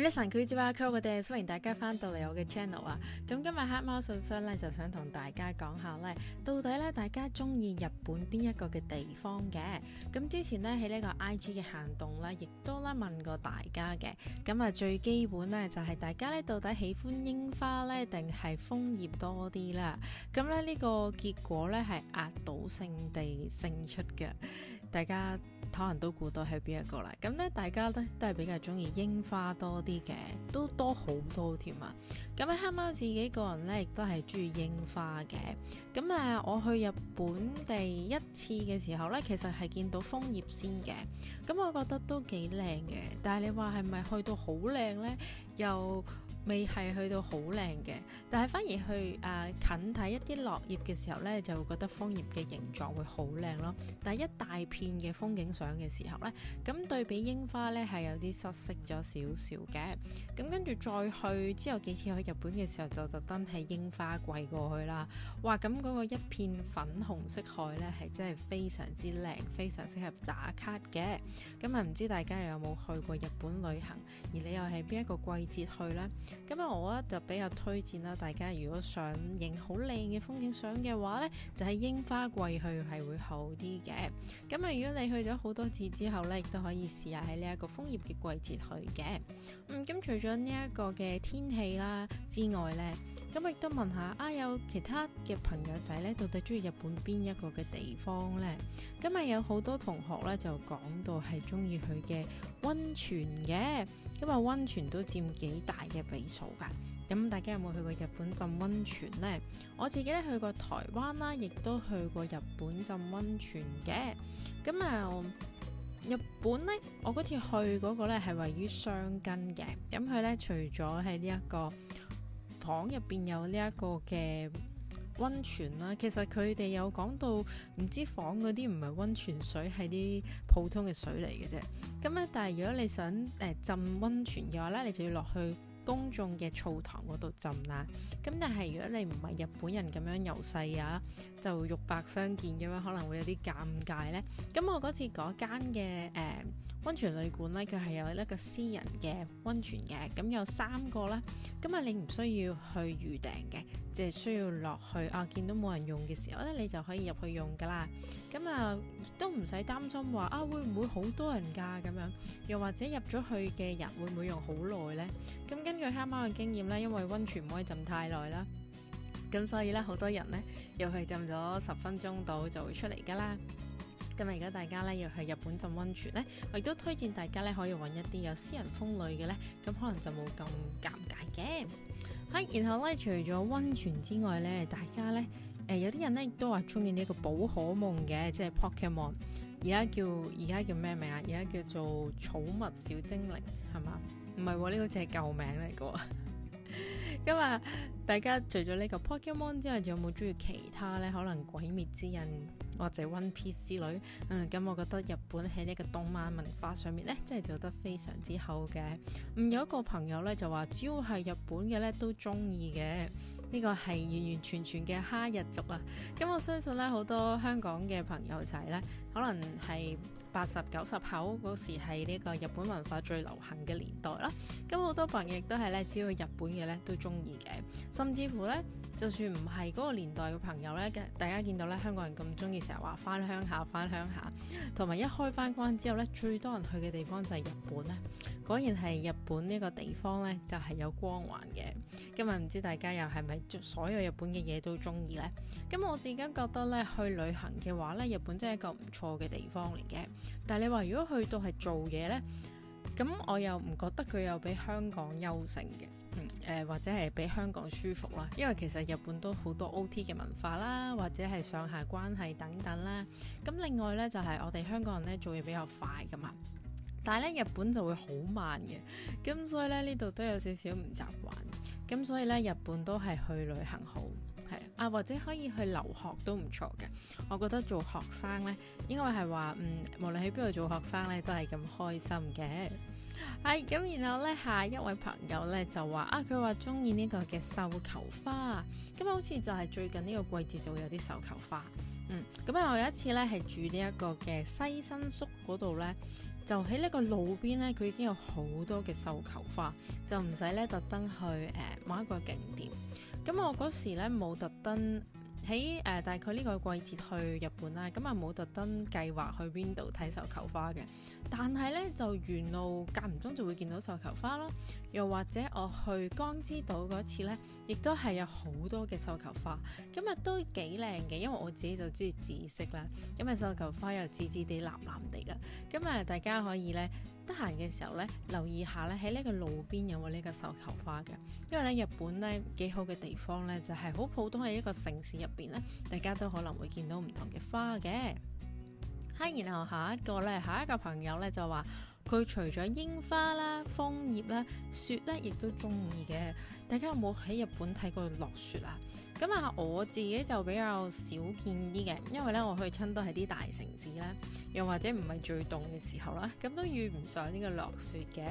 呢個神奇之佢我哋歡迎大家翻到嚟我嘅 channel 啊！咁今日黑貓信箱咧，就想同大家講下咧，到底咧大家鍾意日本邊一個嘅地方嘅？咁之前咧喺呢個 IG 嘅行動咧，亦都咧問過大家嘅。咁啊，最基本咧就係大家咧到底喜歡櫻花咧定係楓葉多啲啦？咁咧呢個結果咧係壓倒性地勝出嘅，大家。可能都估到係邊一個啦，咁呢，大家呢都係比較中意櫻花多啲嘅，都多好多添啊！咁咧黑貓自己個人呢，亦都係中意櫻花嘅，咁誒我去日本第一次嘅時候呢，其實係見到楓葉先嘅，咁我覺得都幾靚嘅，但係你話係咪去到好靚呢？又？未係去到好靚嘅，但係反而去啊、呃、近睇一啲落葉嘅時候呢，就會覺得楓葉嘅形狀會好靚咯。但係一大片嘅風景相嘅時候呢，咁對比櫻花呢，係有啲失色咗少少嘅。咁跟住再去之後幾次去日本嘅時候，就特登喺櫻花季過去啦。哇！咁嗰個一片粉紅色海呢，係真係非常之靚，非常適合打卡嘅。咁啊唔知大家有冇去過日本旅行，而你又係邊一個季節去呢？咁啊，我呢就比較推薦啦，大家如果想影好靚嘅風景相嘅話呢，就喺櫻花季去係會好啲嘅。咁啊，如果你去咗好多次之後呢，亦都可以試下喺呢一個楓葉嘅季節去嘅。嗯，咁除咗呢一個嘅天氣啦之外呢，咁亦都問下啊，有其他嘅朋友仔呢，到底中意日本邊一個嘅地方呢？咁啊，有好多同學呢，就講到係中意佢嘅。溫泉嘅，咁啊溫泉都佔幾大嘅比數噶。咁、嗯、大家有冇去過日本浸溫泉呢？我自己咧去過台灣啦，亦都去過日本浸溫泉嘅。咁、嗯、啊、嗯，日本呢，我嗰次去嗰個咧係位於箱根嘅。咁、嗯、佢呢，除咗喺呢一個房入邊有呢一個嘅。温泉啦、啊，其實佢哋有講到唔知房嗰啲唔係溫泉水，係啲普通嘅水嚟嘅啫。咁咧，但係如果你想誒、呃、浸温泉嘅話咧，你就要落去公眾嘅澡堂嗰度浸啦。咁但係如果你唔係日本人咁樣由細啊，就肉白相見咁樣，可能會有啲尷尬咧。咁我嗰次嗰間嘅誒。呃温泉旅館呢，佢係有一個私人嘅温泉嘅，咁、嗯、有三個啦，咁、嗯、啊你唔需要去預訂嘅，即係需要落去啊，見到冇人用嘅時候呢，你就可以入去用噶啦，咁啊都唔使擔心話啊會唔會好多人㗎咁樣，又或者入咗去嘅人會唔會用好耐呢？咁、嗯、根據黑貓嘅經驗呢，因為温泉唔可以浸太耐啦，咁所以呢，好多人呢，入去浸咗十分鐘到就會出嚟㗎啦。咁而家大家咧要去日本浸温泉咧，我亦都推薦大家咧可以揾一啲有私人風呂嘅咧，咁可能就冇咁尷尬嘅。係、啊，然後咧除咗温泉之外咧，大家咧，誒、呃、有啲人咧亦都話中意呢個寶可夢嘅，即係 Pokemon，、ok、而家叫而家叫咩名啊？而家叫做寵物小精靈係嘛？唔係喎，呢個只係舊名嚟㗎。今啊，大家除咗呢個 Pokemon 之外，仲有冇中意其他呢？可能《鬼滅之刃》或者《One Piece》之類。嗯，咁、嗯嗯嗯、我覺得日本喺呢個動漫文化上面呢，真係做得非常之好嘅。嗯，有一個朋友呢，就話，只要係日本嘅呢，都中意嘅。呢個係完完全全嘅哈日族啊！咁我相信咧，好多香港嘅朋友仔咧，可能係八十九十後嗰時係呢個日本文化最流行嘅年代啦。咁好多朋友亦都係咧，只要日本嘅咧都中意嘅，甚至乎咧，就算唔係嗰個年代嘅朋友呢，大家見到呢，香港人咁中意成日話翻鄉下，翻鄉下，同埋一開翻關之後呢，最多人去嘅地方就係日本呢。果然係日本呢個地方呢，就係有光環嘅。今日唔知大家又係咪所有日本嘅嘢都中意呢？咁我自己覺得呢，去旅行嘅話呢，日本真係一個唔錯嘅地方嚟嘅。但係你話如果去到係做嘢呢，咁我又唔覺得佢有比香港優勝嘅。誒、呃、或者係比香港舒服啦，因為其實日本都好多 OT 嘅文化啦，或者係上下關係等等啦。咁、啊、另外呢，就係、是、我哋香港人呢做嘢比較快㗎嘛，但係呢，日本就會好慢嘅，咁所以呢，呢度都有少少唔習慣。咁所以呢，日本都係去旅行好，係啊或者可以去留學都唔錯嘅。我覺得做學生呢，應該係話嗯，無論喺邊度做學生呢，都係咁開心嘅。係咁，哎、然後咧下一位朋友咧就話啊，佢話中意呢個嘅繡球花啊，咁啊好似就係最近呢個季節就會有啲繡球花，嗯，咁啊我有一次咧係住呢一個嘅西新宿嗰度咧，就喺呢個路邊咧佢已經有好多嘅繡球花，就唔使咧特登去誒某、呃、一個景點，咁我嗰時咧冇特登喺誒大概呢個季節去日本啦，咁啊冇特登計劃去邊度睇繡球花嘅。但係咧，就沿路間唔中就會見到繡球花啦，又或者我去江之島嗰次咧，亦都係有好多嘅繡球花，咁啊都幾靚嘅，因為我自己就中意紫色啦，咁、嗯、啊繡球花又紫紫地、藍藍地啦，咁啊大家可以咧得閒嘅時候咧留意下咧喺呢個路邊有冇呢個繡球花嘅，因為咧日本咧幾好嘅地方咧就係、是、好普通嘅一個城市入邊咧，大家都可能會見到唔同嘅花嘅。然後下一個呢，下一個朋友呢，就話佢除咗櫻花啦、楓葉啦、雪呢，亦都中意嘅。大家有冇喺日本睇過落雪啊？咁啊，我自己就比較少見啲嘅，因為呢，我去親都係啲大城市啦，又或者唔係最凍嘅時候啦，咁都遇唔上呢個落雪嘅。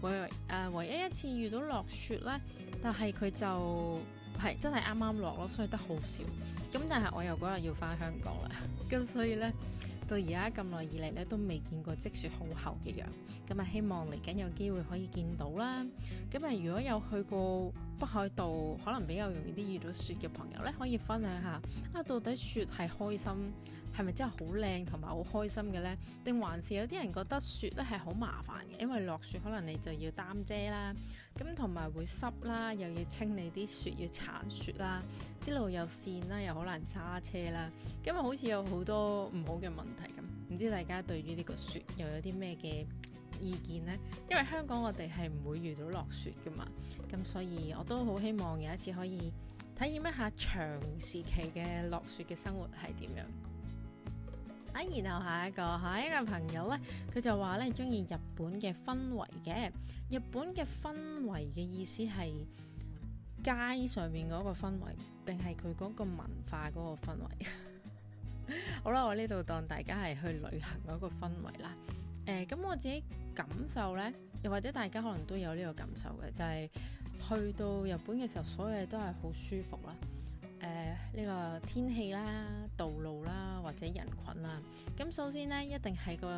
我唯、呃、唯一一次遇到落雪呢，但係佢就係真係啱啱落咯，所以得好少。咁但係我又嗰日要翻香港啦，咁所以呢。到而家咁耐以嚟咧，都未見過積雪好厚嘅樣，咁啊希望嚟緊有機會可以見到啦。咁啊、嗯，如果有去過北海道，可能比較容易啲遇到雪嘅朋友咧，可以分享下啊，到底雪係開心，係咪真係好靚同埋好開心嘅呢？定還是有啲人覺得雪咧係好麻煩嘅，因為落雪可能你就要擔遮啦。咁同埋會濕啦，又要清理啲雪，要鏟雪啦，啲路又跣啦，又好難揸車啦，今日好似有好多唔好嘅問題咁，唔知大家對於呢個雪又有啲咩嘅意見呢？因為香港我哋係唔會遇到落雪噶嘛，咁所以我都好希望有一次可以體驗一下長時期嘅落雪嘅生活係點樣。啊，然後下一個下、啊、一個朋友咧，佢就話咧鍾意日本嘅氛圍嘅。日本嘅氛圍嘅意思係街上面嗰個氛圍，定係佢嗰個文化嗰個氛圍？ 好啦，我呢度當大家係去旅行嗰個氛圍啦。誒、呃，咁我自己感受呢，又或者大家可能都有呢個感受嘅，就係、是、去到日本嘅時候，所有嘢都係好舒服啦。誒呢、呃這個天氣啦、道路啦、或者人群啦。咁首先呢，一定係個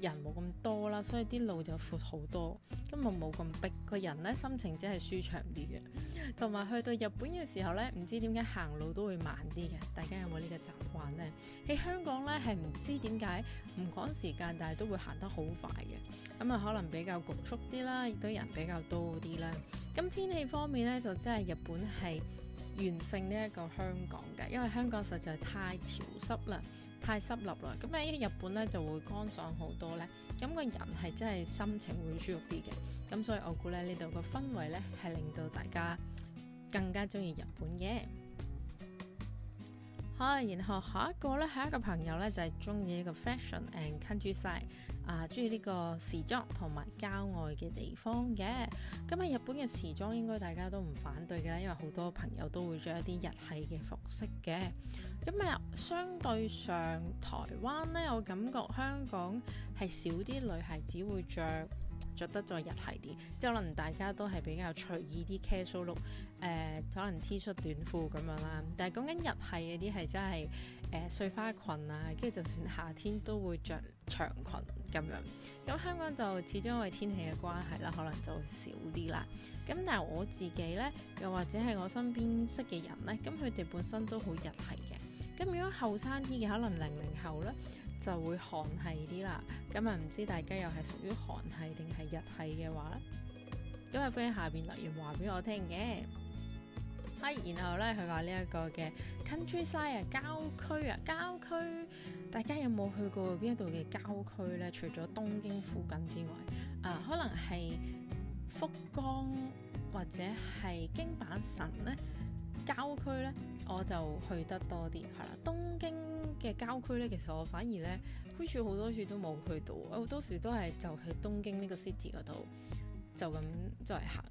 人冇咁多啦，所以啲路就闊好多，根本冇咁逼。個人呢，心情真係舒暢啲嘅，同埋去到日本嘅時候呢，唔知點解行路都會慢啲嘅。大家有冇呢個習慣呢？喺香港呢，係唔知點解唔趕時間，但係都會行得好快嘅。咁啊可能比較局促啲啦，亦都人比較多啲啦。咁天氣方面呢，就真係日本係完勝呢一個香港嘅，因為香港實在太潮濕啦，太濕笠啦，咁喺日本咧就會乾爽好多咧，咁個人係真係心情會舒服啲嘅，咁所以我估咧呢度個氛圍咧係令到大家更加中意日本嘅。好，然後下一個咧，下一個朋友咧就係中意呢個 fashion and countryside。啊，中意呢個時裝同埋郊外嘅地方嘅。咁、嗯、啊，日本嘅時裝應該大家都唔反對嘅啦，因為好多朋友都會着一啲日系嘅服飾嘅。咁、嗯、啊、嗯，相對上台灣呢，我感覺香港係少啲女孩子會着着得再日系啲，即係可能大家都係比較隨意啲 casual look，誒、呃，可能 T 恤短褲咁樣啦。但係講緊日系嗰啲係真係。誒，碎花裙啊，跟住就算夏天都會着長裙咁樣。咁香港就始終因為天氣嘅關係啦，可能就會少啲啦。咁但係我自己呢，又或者係我身邊識嘅人呢，咁佢哋本身都好日系嘅。咁如果後生啲嘅，可能零零後呢，就會韓系啲啦。咁啊，唔知大家又係屬於韓系定係日系嘅話呢？咁啊，歡迎下邊留言話俾我聽嘅。然後咧，佢話呢一個嘅 countryside 啊，郊區啊，郊區，大家有冇去過邊一度嘅郊區咧？除咗東京附近之外，啊、呃，可能係福岡或者係京阪神咧郊區咧，我就去得多啲係啦。東京嘅郊區咧，其實我反而咧，好處好多處都冇去到，我好多時都係就去東京呢個 city 嗰度。就咁再行，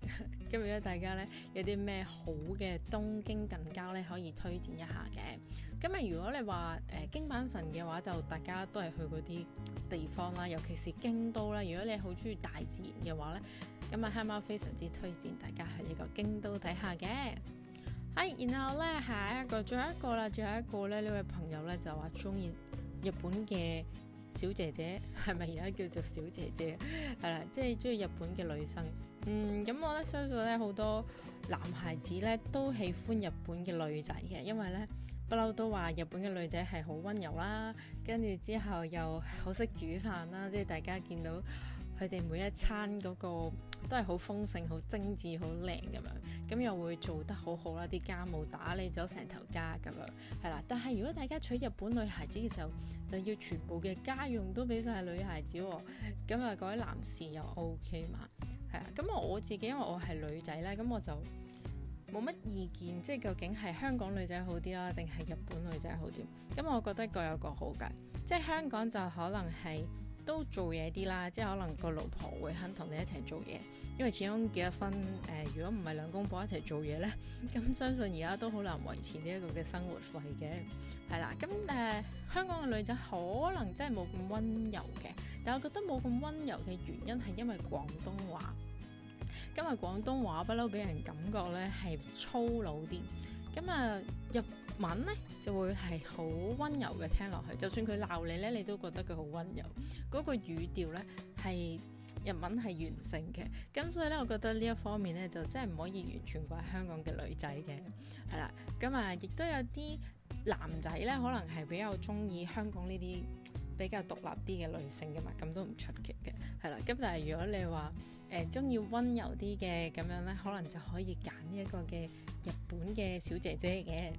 咁如果大家咧有啲咩好嘅東京近郊咧，可以推薦一下嘅。咁啊如果你話誒、呃、京阪神嘅話，就大家都係去嗰啲地方啦，尤其是京都啦。如果你好中意大自然嘅話咧，咁啊黑貓非常之推薦大家去呢個京都底下嘅。係、 嗯，然後咧下一個，最後一個啦，最後一個咧呢位朋友咧就話中意日本嘅。小姐姐係咪而家叫做小姐姐係啦， 即係中意日本嘅女生。嗯，咁我覺得相信咧好多男孩子咧都喜歡日本嘅女仔嘅，因為咧不嬲都話日本嘅女仔係好溫柔啦，跟住之後又好識煮飯啦，即係大家見到佢哋每一餐嗰、嗰個。都係好豐盛、好精緻、好靚咁樣，咁又會做得好好啦，啲家務打理咗成頭家咁樣，係啦。但係如果大家娶日本女孩子嘅時候，就要全部嘅家用都俾晒女孩子喎。咁、嗯、啊，嗰位男士又 OK 嘛？係啊。咁我自己因為我係女仔咧，咁我就冇乜意見，即係究竟係香港女仔好啲啦，定係日本女仔好啲？咁我覺得各有各好㗎。即係香港就可能係。都做嘢啲啦，即係可能個老婆會肯同你一齊做嘢，因為始終結咗婚，誒、呃，如果唔係兩公婆一齊做嘢咧，咁、嗯、相信而家都好難維持呢一個嘅生活費嘅，係、嗯、啦，咁、嗯、誒，香港嘅女仔可能真係冇咁温柔嘅，但係我覺得冇咁温柔嘅原因係因為廣東話，因為廣東話不嬲俾人感覺咧係粗魯啲，咁、嗯、啊，有、嗯。文咧就會係好溫柔嘅聽落去，就算佢鬧你咧，你都覺得佢好溫柔。嗰個語調咧係日文係完成嘅，咁所以咧，我覺得呢一方面咧就真係唔可以完全怪香港嘅女仔嘅係啦。咁啊，亦都有啲男仔咧，可能係比較中意香港呢啲比較獨立啲嘅女性嘅嘛，咁都唔出奇嘅係啦。咁但係如果你話誒中意溫柔啲嘅咁樣咧，可能就可以揀呢一個嘅日本嘅小姐姐嘅。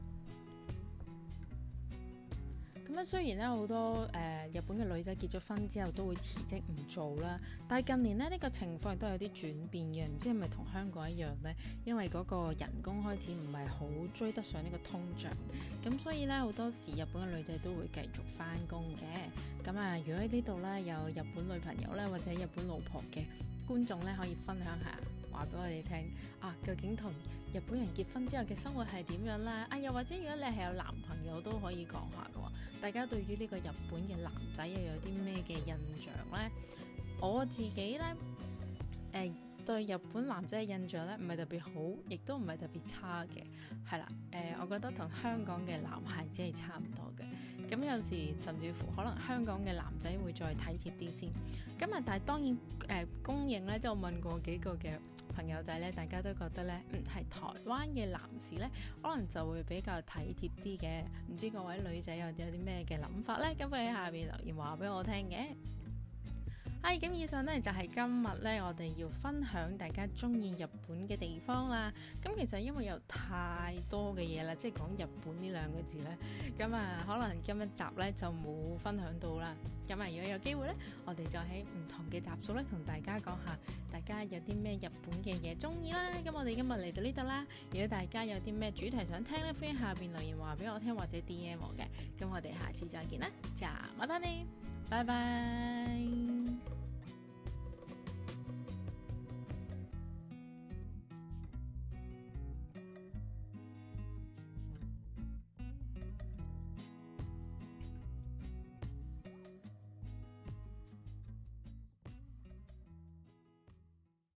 咁啊、嗯，雖然咧好多誒、呃、日本嘅女仔結咗婚之後都會辭職唔做啦，但係近年咧呢、呢個情況都有啲轉變嘅，唔知係咪同香港一樣呢？因為嗰個人工開始唔係好追得上呢個通脹，咁所以呢，好多時日本嘅女仔都會繼續翻工嘅。咁啊，如果喺呢度呢，有日本女朋友呢，或者日本老婆嘅觀眾呢，可以分享下話俾我哋聽啊，究竟同日本人結婚之後嘅生活係點樣呢？啊，又或者如果你係有男朋友都可以講下嘅喎。大家對於呢個日本嘅男仔又有啲咩嘅印象呢？我自己呢，誒、呃、對日本男仔嘅印象呢，唔係特別好，亦都唔係特別差嘅。係啦，誒、呃，我覺得同香港嘅男孩子係差唔多嘅。咁有時甚至乎可能香港嘅男仔會再體貼啲先。咁啊，但係當然誒、呃，公認咧就問過幾個嘅。朋友仔咧，大家都覺得咧，嗯，係台灣嘅男士咧，可能就會比較體貼啲嘅。唔知各位女仔有有啲咩嘅諗法咧？咁佢喺下面留言話俾我聽嘅。係，咁以上呢就係今日呢，我哋要分享大家中意日本嘅地方啦。咁其實因為有太多嘅嘢啦，即係講日本呢兩個字呢。咁啊可能今一集呢就冇分享到啦。咁啊，如果有機會呢，我哋就喺唔同嘅集數呢同大家講下大家有啲咩日本嘅嘢中意啦。咁我哋今日嚟到呢度啦。如果大家有啲咩主題想聽呢，歡迎下邊留言話俾我聽或者 D M 我嘅。咁我哋下次再見啦，咋孖單你。拜拜。